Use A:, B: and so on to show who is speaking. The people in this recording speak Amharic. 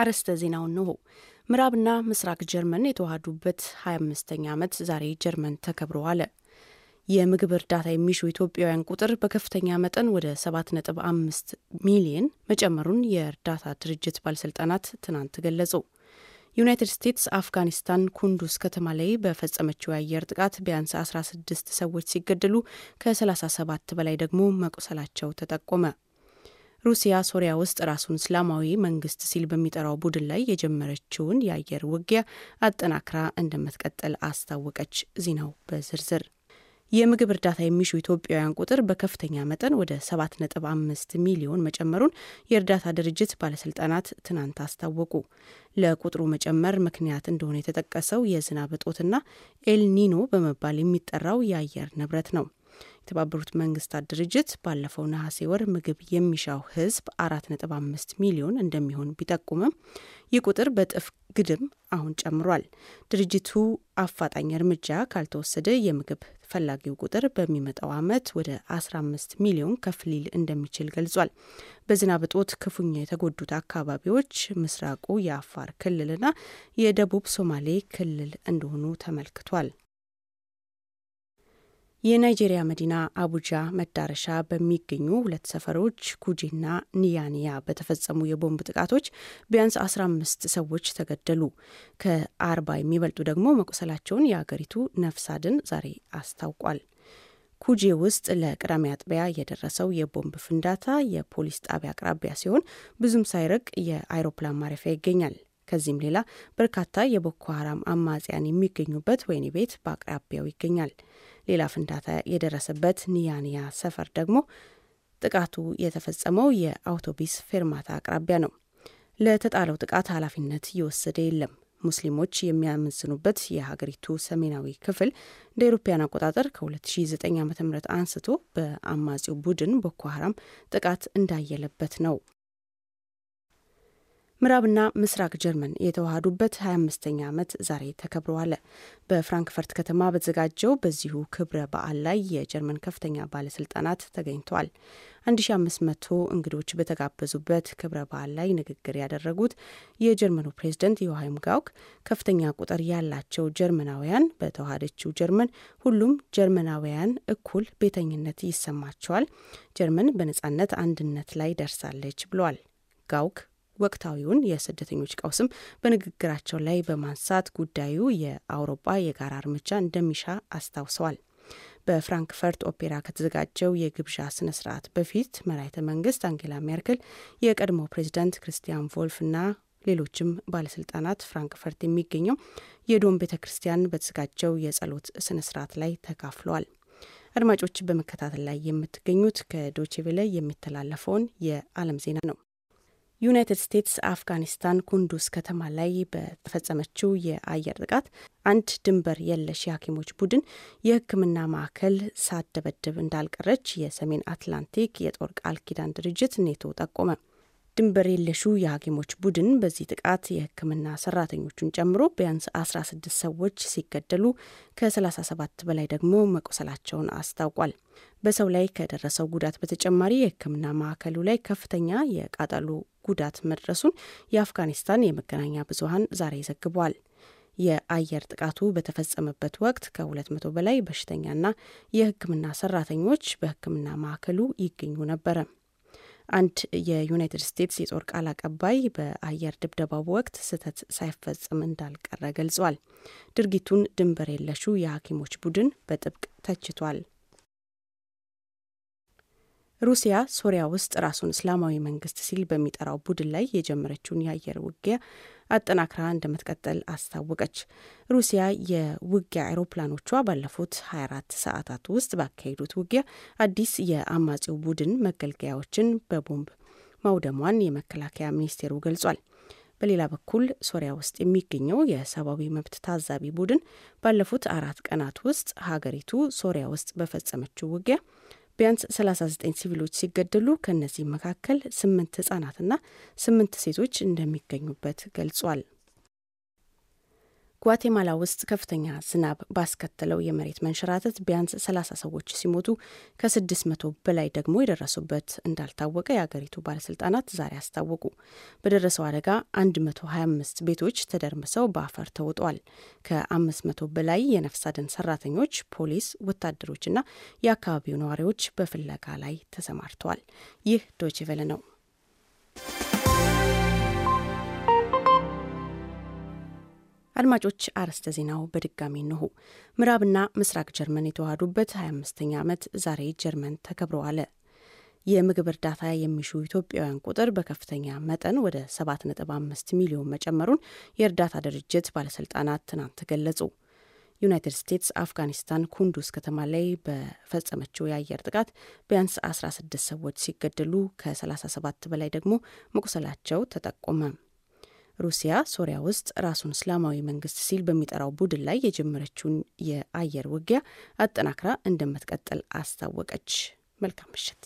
A: አርዕስተ ዜናውን ነሆ! ምዕራብና ምስራቅ ጀርመን የተዋሃዱበት 25ኛ ዓመት ዛሬ ጀርመን ተከብሮ አለ። የምግብ እርዳታ የሚሹ ኢትዮጵያውያን ቁጥር በከፍተኛ መጠን ወደ 7.5 ሚሊየን መጨመሩን የእርዳታ ድርጅት ባለሥልጣናት ትናንት ገለጹ። ዩናይትድ ስቴትስ አፍጋኒስታን ኩንዱስ ከተማ ላይ በፈጸመችው የአየር ጥቃት ቢያንስ 16 ሰዎች ሲገደሉ ከ37 በላይ ደግሞ መቁሰላቸው ተጠቆመ። ሩሲያ ሶሪያ ውስጥ ራሱን እስላማዊ መንግስት ሲል በሚጠራው ቡድን ላይ የጀመረችውን የአየር ውጊያ አጠናክራ እንደምትቀጥል አስታወቀች። ዜናው በዝርዝር የምግብ እርዳታ የሚሹ ኢትዮጵያውያን ቁጥር በከፍተኛ መጠን ወደ 7.5 ሚሊዮን መጨመሩን የእርዳታ ድርጅት ባለስልጣናት ትናንት አስታወቁ። ለቁጥሩ መጨመር ምክንያት እንደሆነ የተጠቀሰው የዝናብ እጦትና ኤልኒኖ በመባል የሚጠራው የአየር ንብረት ነው። የተባበሩት መንግስታት ድርጅት ባለፈው ነሐሴ ወር ምግብ የሚሻው ህዝብ አራት ነጥብ አምስት ሚሊዮን እንደሚሆን ቢጠቁምም ይህ ቁጥር በጥፍ ግድም አሁን ጨምሯል። ድርጅቱ አፋጣኝ እርምጃ ካልተወሰደ የምግብ ፈላጊው ቁጥር በሚመጣው ዓመት ወደ 15 ሚሊዮን ከፍ ሊል እንደሚችል ገልጿል። በዝናብ እጦት ክፉኛ የተጎዱት አካባቢዎች ምስራቁ የአፋር ክልልና የደቡብ ሶማሌ ክልል እንደሆኑ ተመልክቷል። የናይጄሪያ መዲና አቡጃ መዳረሻ በሚገኙ ሁለት ሰፈሮች ኩጂና ኒያኒያ በተፈጸሙ የቦምብ ጥቃቶች ቢያንስ 15 ሰዎች ተገደሉ፣ ከአርባ የሚበልጡ ደግሞ መቁሰላቸውን የአገሪቱ ነፍስ አድን ዛሬ አስታውቋል። ኩጂ ውስጥ ለቅዳሜ አጥቢያ የደረሰው የቦምብ ፍንዳታ የፖሊስ ጣቢያ አቅራቢያ ሲሆን ብዙም ሳይርቅ የአይሮፕላን ማረፊያ ይገኛል። ከዚህም ሌላ በርካታ የቦኮ ሀራም አማጽያን የሚገኙበት ወህኒ ቤት በአቅራቢያው ይገኛል። ሌላ ፍንዳታ የደረሰበት ኒያኒያ ሰፈር ደግሞ ጥቃቱ የተፈጸመው የአውቶቢስ ፌርማታ አቅራቢያ ነው። ለተጣለው ጥቃት ኃላፊነት እየወሰደ የለም። ሙስሊሞች የሚያመዝኑበት የሀገሪቱ ሰሜናዊ ክፍል እንደ ኤሮፓያን አቆጣጠር ከ2009 ዓ ም አንስቶ በአማጺው ቡድን ቦኮ ሀራም ጥቃት እንዳየለበት ነው። ምዕራብና ምስራቅ ጀርመን የተዋሃዱበት 25ኛ ዓመት ዛሬ ተከብረዋል። በፍራንክፈርት ከተማ በተዘጋጀው በዚሁ ክብረ በዓል ላይ የጀርመን ከፍተኛ ባለስልጣናት ተገኝተዋል። 1500 እንግዶች በተጋበዙበት ክብረ በዓል ላይ ንግግር ያደረጉት የጀርመኑ ፕሬዝደንት ዮሃይም ጋውክ ከፍተኛ ቁጥር ያላቸው ጀርመናውያን በተዋሃደችው ጀርመን ሁሉም ጀርመናውያን እኩል ቤተኝነት ይሰማቸዋል፣ ጀርመን በነጻነት አንድነት ላይ ደርሳለች ብለዋል። ጋውክ ወቅታዊውን የስደተኞች ቀውስም በንግግራቸው ላይ በማንሳት ጉዳዩ የአውሮፓ የጋራ እርምጃ እንደሚሻ አስታውሰዋል። በፍራንክፈርት ኦፔራ ከተዘጋጀው የግብዣ ስነ ስርዓት በፊት መራይተ መንግስት አንጌላ ሜርክል የቀድሞ ፕሬዚዳንት ክርስቲያን ቮልፍ እና ሌሎችም ባለስልጣናት ፍራንክፈርት የሚገኘው የዶም ቤተ ክርስቲያን በተዘጋጀው የጸሎት ስነ ስርዓት ላይ ተካፍለዋል። አድማጮች በመከታተል ላይ የምትገኙት ከዶቼ ቬለ የሚተላለፈውን የዓለም ዜና ነው። ዩናይትድ ስቴትስ አፍጋኒስታን ኩንዱስ ከተማ ላይ በተፈጸመችው የአየር ጥቃት አንድ ድንበር የለሽ የሐኪሞች ቡድን የሕክምና ማዕከል ሳደበድብ እንዳልቀረች የሰሜን አትላንቲክ የጦር ቃል ኪዳን ድርጅት ኔቶ ጠቆመ። ድንበር የለሹ የሐኪሞች ቡድን በዚህ ጥቃት የሕክምና ሰራተኞቹን ጨምሮ ቢያንስ 16 ሰዎች ሲገደሉ ከ37 በላይ ደግሞ መቆሰላቸውን አስታውቋል። በሰው ላይ ከደረሰው ጉዳት በተጨማሪ የሕክምና ማዕከሉ ላይ ከፍተኛ የቃጠሎ ጉዳት መድረሱን የአፍጋኒስታን የመገናኛ ብዙሀን ዛሬ ዘግቧል። የአየር ጥቃቱ በተፈጸመበት ወቅት ከ200 በላይ በሽተኛና የህክምና ሰራተኞች በህክምና ማዕከሉ ይገኙ ነበረ። አንድ የዩናይትድ ስቴትስ የጦር ቃል አቀባይ በአየር ድብደባው ወቅት ስህተት ሳይፈጽም እንዳልቀረ ገልጿል። ድርጊቱን ድንበር የለሹ የሐኪሞች ቡድን በጥብቅ ተችቷል። ሩሲያ ሶሪያ ውስጥ ራሱን እስላማዊ መንግስት ሲል በሚጠራው ቡድን ላይ የጀመረችውን የአየር ውጊያ አጠናክራ እንደምትቀጥል አስታወቀች። ሩሲያ የውጊያ አይሮፕላኖቿ ባለፉት 24 ሰዓታት ውስጥ ባካሄዱት ውጊያ አዲስ የአማጺው ቡድን መገልገያዎችን በቦምብ ማውደሟን የመከላከያ ሚኒስቴሩ ገልጿል። በሌላ በኩል ሶሪያ ውስጥ የሚገኘው የሰብአዊ መብት ታዛቢ ቡድን ባለፉት አራት ቀናት ውስጥ ሀገሪቱ ሶሪያ ውስጥ በፈጸመችው ውጊያ ቢያንስ 39 ሲቪሎች ሲገደሉ ከእነዚህ መካከል ስምንት ህጻናትና ስምንት ሴቶች እንደሚገኙበት ገልጿል። ጓቴማላ ውስጥ ከፍተኛ ዝናብ ባስከተለው የመሬት መንሸራተት ቢያንስ 30 ሰዎች ሲሞቱ ከ600 በላይ ደግሞ የደረሱበት እንዳልታወቀ የአገሪቱ ባለስልጣናት ዛሬ አስታወቁ። በደረሰው አደጋ 125 ቤቶች ተደርምሰው በአፈር ተውጠዋል። ከ500 በላይ የነፍስ አድን ሰራተኞች፣ ፖሊስ፣ ወታደሮችና የአካባቢው ነዋሪዎች በፍለጋ ላይ ተሰማርተዋል። ይህ ዶችቬለ ነው። አድማጮች አርዕስተ ዜናው በድጋሚ እንሆ። ምዕራብና ምስራቅ ጀርመን የተዋሃዱበት 25ኛ ዓመት ዛሬ ጀርመን ተከብሮ አለ። የምግብ እርዳታ የሚሹ ኢትዮጵያውያን ቁጥር በከፍተኛ መጠን ወደ 7.5 ሚሊዮን መጨመሩን የእርዳታ ድርጅት ባለስልጣናት ትናንት ገለጹ። ዩናይትድ ስቴትስ አፍጋኒስታን ኩንዱስ ከተማ ላይ በፈጸመችው የአየር ጥቃት ቢያንስ 16 ሰዎች ሲገደሉ ከ37 በላይ ደግሞ መቁሰላቸው ተጠቆመ። ሩሲያ ሶሪያ ውስጥ ራሱን እስላማዊ መንግስት ሲል በሚጠራው ቡድን ላይ የጀመረችውን የአየር ውጊያ አጠናክራ እንደምትቀጥል አስታወቀች። መልካም ምሽት።